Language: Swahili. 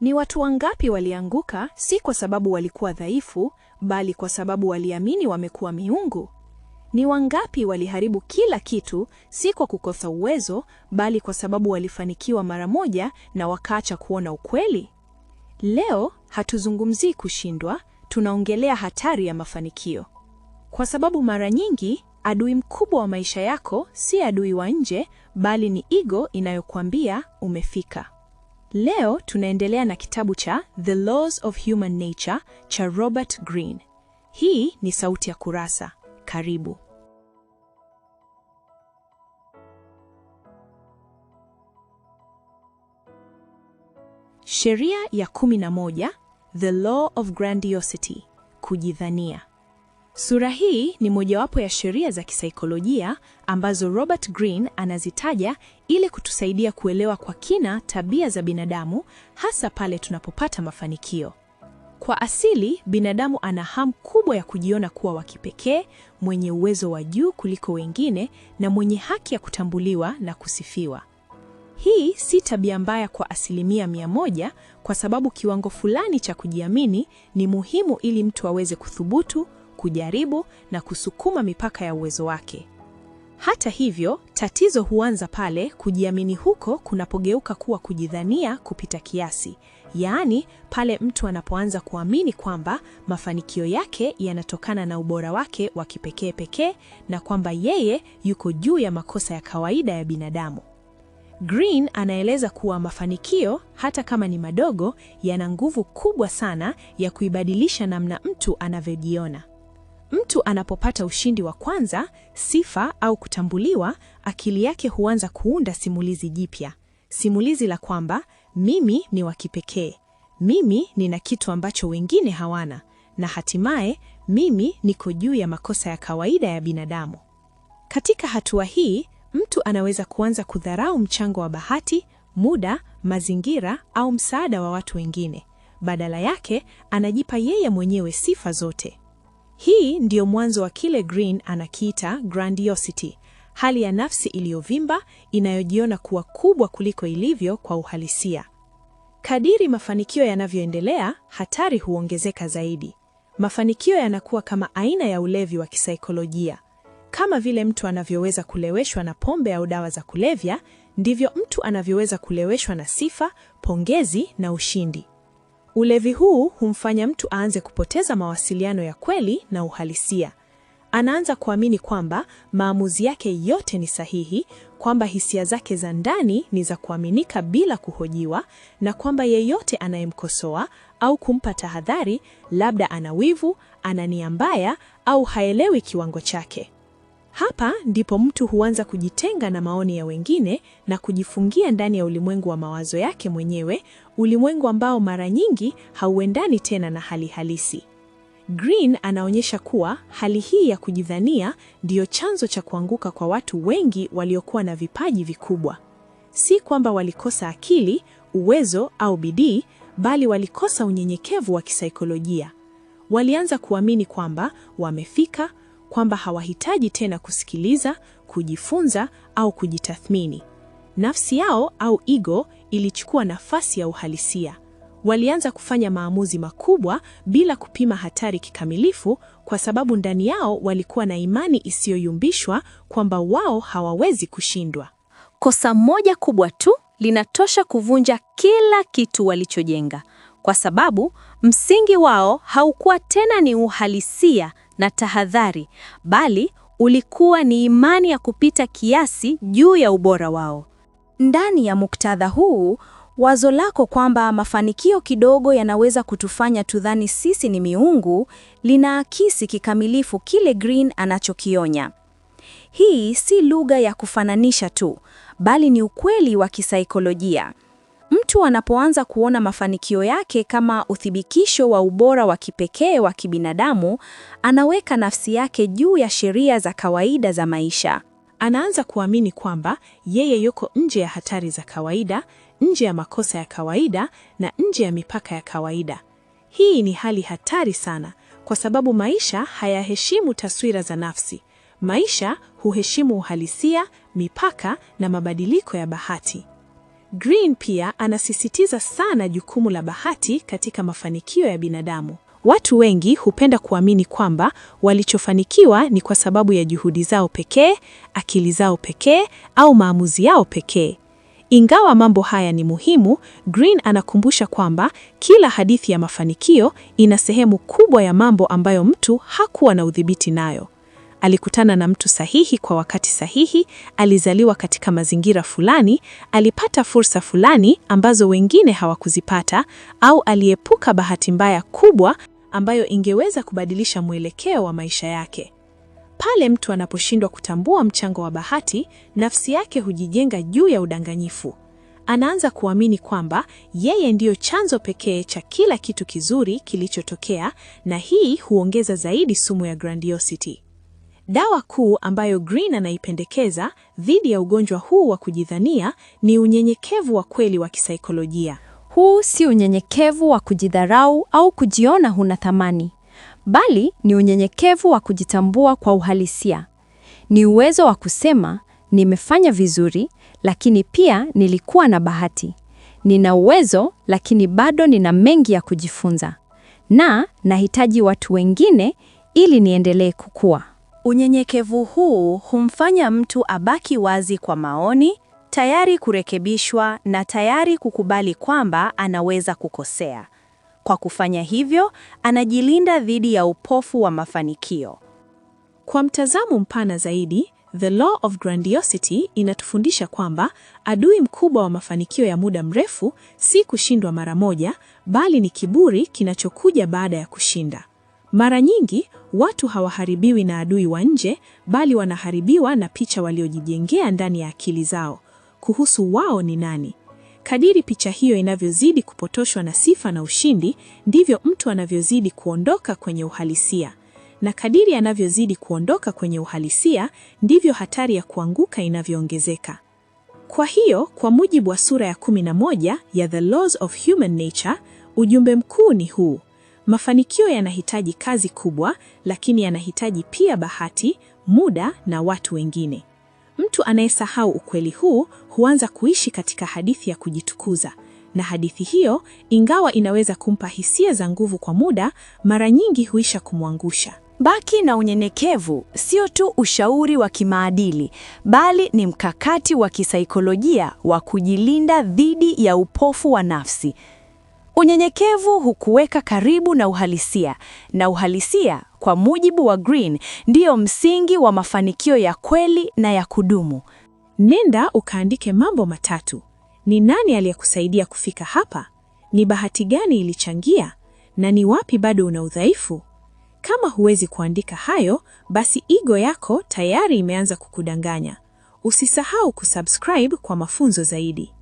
Ni watu wangapi walianguka, si kwa sababu walikuwa dhaifu, bali kwa sababu waliamini wamekuwa miungu? Ni wangapi waliharibu kila kitu, si kwa kukosa uwezo, bali kwa sababu walifanikiwa mara moja na wakaacha kuona ukweli? Leo hatuzungumzii kushindwa, tunaongelea hatari ya mafanikio, kwa sababu mara nyingi adui mkubwa wa maisha yako si adui wa nje, bali ni ego inayokuambia umefika. Leo tunaendelea na kitabu cha The Laws of Human Nature cha Robert Greene. Hii ni Sauti ya Kurasa. Karibu. Sheria ya 11, The Law of Grandiosity, kujidhania. Sura hii ni mojawapo ya sheria za kisaikolojia ambazo Robert Greene anazitaja ili kutusaidia kuelewa kwa kina tabia za binadamu hasa pale tunapopata mafanikio. Kwa asili, binadamu ana hamu kubwa ya kujiona kuwa wa kipekee, mwenye uwezo wa juu kuliko wengine na mwenye haki ya kutambuliwa na kusifiwa. Hii si tabia mbaya kwa asilimia mia moja, kwa sababu kiwango fulani cha kujiamini ni muhimu ili mtu aweze kuthubutu, kujaribu na kusukuma mipaka ya uwezo wake. Hata hivyo, tatizo huanza pale kujiamini huko kunapogeuka kuwa kujidhania kupita kiasi, yaani pale mtu anapoanza kuamini kwamba mafanikio yake yanatokana na ubora wake wa kipekee pekee na kwamba yeye yuko juu ya makosa ya kawaida ya binadamu. Green anaeleza kuwa mafanikio hata kama ni madogo, yana nguvu kubwa sana ya kuibadilisha namna mtu anavyojiona. Mtu anapopata ushindi wa kwanza, sifa au kutambuliwa, akili yake huanza kuunda simulizi jipya, simulizi la kwamba mimi ni wa kipekee, mimi nina kitu ambacho wengine hawana, na hatimaye mimi niko juu ya makosa ya kawaida ya binadamu. Katika hatua hii, mtu anaweza kuanza kudharau mchango wa bahati, muda, mazingira au msaada wa watu wengine. Badala yake, anajipa yeye mwenyewe sifa zote. Hii ndiyo mwanzo wa kile Green anakiita grandiosity, hali ya nafsi iliyovimba inayojiona kuwa kubwa kuliko ilivyo kwa uhalisia. Kadiri mafanikio yanavyoendelea, hatari huongezeka zaidi. Mafanikio yanakuwa kama aina ya ulevi wa kisaikolojia. Kama vile mtu anavyoweza kuleweshwa na pombe au dawa za kulevya, ndivyo mtu anavyoweza kuleweshwa na sifa, pongezi na ushindi. Ulevi huu humfanya mtu aanze kupoteza mawasiliano ya kweli na uhalisia. Anaanza kuamini kwamba maamuzi yake yote ni sahihi, kwamba hisia zake za ndani ni za kuaminika bila kuhojiwa, na kwamba yeyote anayemkosoa au kumpa tahadhari labda ana wivu, ana nia mbaya au haelewi kiwango chake. Hapa ndipo mtu huanza kujitenga na maoni ya wengine na kujifungia ndani ya ulimwengu wa mawazo yake mwenyewe, ulimwengu ambao mara nyingi hauendani tena na hali halisi. Green anaonyesha kuwa hali hii ya kujidhania ndiyo chanzo cha kuanguka kwa watu wengi waliokuwa na vipaji vikubwa. Si kwamba walikosa akili, uwezo au bidii, bali walikosa unyenyekevu wa kisaikolojia. Walianza kuamini kwamba wamefika kwamba hawahitaji tena kusikiliza, kujifunza au kujitathmini. Nafsi yao au ego ilichukua nafasi ya uhalisia. Walianza kufanya maamuzi makubwa bila kupima hatari kikamilifu, kwa sababu ndani yao walikuwa na imani isiyoyumbishwa kwamba wao hawawezi kushindwa. Kosa moja kubwa tu linatosha kuvunja kila kitu walichojenga, kwa sababu msingi wao haukuwa tena ni uhalisia na tahadhari, bali ulikuwa ni imani ya kupita kiasi juu ya ubora wao. Ndani ya muktadha huu, wazo lako kwamba mafanikio kidogo yanaweza kutufanya tudhani sisi ni miungu linaakisi kikamilifu kile Green anachokionya. Hii si lugha ya kufananisha tu, bali ni ukweli wa kisaikolojia. Mtu anapoanza kuona mafanikio yake kama uthibitisho wa ubora wa kipekee wa kibinadamu, anaweka nafsi yake juu ya sheria za kawaida za maisha. Anaanza kuamini kwamba yeye yuko nje ya hatari za kawaida, nje ya makosa ya kawaida na nje ya mipaka ya kawaida. Hii ni hali hatari sana kwa sababu maisha hayaheshimu taswira za nafsi. Maisha huheshimu uhalisia, mipaka na mabadiliko ya bahati. Green pia anasisitiza sana jukumu la bahati katika mafanikio ya binadamu. Watu wengi hupenda kuamini kwamba walichofanikiwa ni kwa sababu ya juhudi zao pekee, akili zao pekee au maamuzi yao pekee. Ingawa mambo haya ni muhimu, Green anakumbusha kwamba kila hadithi ya mafanikio ina sehemu kubwa ya mambo ambayo mtu hakuwa na udhibiti nayo alikutana na mtu sahihi kwa wakati sahihi, alizaliwa katika mazingira fulani, alipata fursa fulani ambazo wengine hawakuzipata, au aliepuka bahati mbaya kubwa ambayo ingeweza kubadilisha mwelekeo wa maisha yake. Pale mtu anaposhindwa kutambua mchango wa bahati, nafsi yake hujijenga juu ya udanganyifu. Anaanza kuamini kwamba yeye ndiyo chanzo pekee cha kila kitu kizuri kilichotokea, na hii huongeza zaidi sumu ya grandiosity. Dawa kuu ambayo Green anaipendekeza dhidi ya ugonjwa huu wa kujidhania ni unyenyekevu wa kweli wa kisaikolojia. Huu si unyenyekevu wa kujidharau au kujiona huna thamani, bali ni unyenyekevu wa kujitambua kwa uhalisia. Ni uwezo wa kusema nimefanya vizuri, lakini pia nilikuwa na bahati. Nina uwezo lakini bado nina mengi ya kujifunza, na nahitaji watu wengine ili niendelee kukua. Unyenyekevu huu humfanya mtu abaki wazi kwa maoni, tayari kurekebishwa na tayari kukubali kwamba anaweza kukosea. Kwa kufanya hivyo, anajilinda dhidi ya upofu wa mafanikio. Kwa mtazamo mpana zaidi, The Law of Grandiosity inatufundisha kwamba adui mkubwa wa mafanikio ya muda mrefu si kushindwa mara moja, bali ni kiburi kinachokuja baada ya kushinda. Mara nyingi watu hawaharibiwi na adui wa nje, bali wanaharibiwa na picha waliojijengea ndani ya akili zao kuhusu wao ni nani. Kadiri picha hiyo inavyozidi kupotoshwa na sifa na ushindi, ndivyo mtu anavyozidi kuondoka kwenye uhalisia, na kadiri anavyozidi kuondoka kwenye uhalisia, ndivyo hatari ya kuanguka inavyoongezeka. Kwa hiyo, kwa mujibu wa sura ya 11 ya The Laws of Human Nature, ujumbe mkuu ni huu: Mafanikio yanahitaji kazi kubwa, lakini yanahitaji pia bahati, muda na watu wengine. Mtu anayesahau ukweli huu huanza kuishi katika hadithi ya kujitukuza, na hadithi hiyo, ingawa inaweza kumpa hisia za nguvu kwa muda, mara nyingi huisha kumwangusha. Baki na unyenyekevu sio tu ushauri wa kimaadili, bali ni mkakati wa kisaikolojia wa kujilinda dhidi ya upofu wa nafsi. Unyenyekevu hukuweka karibu na uhalisia, na uhalisia, kwa mujibu wa Green, ndiyo msingi wa mafanikio ya kweli na ya kudumu. Nenda ukaandike mambo matatu: ni nani aliyekusaidia kufika hapa? Ni bahati gani ilichangia? Na ni wapi bado una udhaifu? Kama huwezi kuandika hayo, basi ego yako tayari imeanza kukudanganya. Usisahau kusubscribe kwa mafunzo zaidi.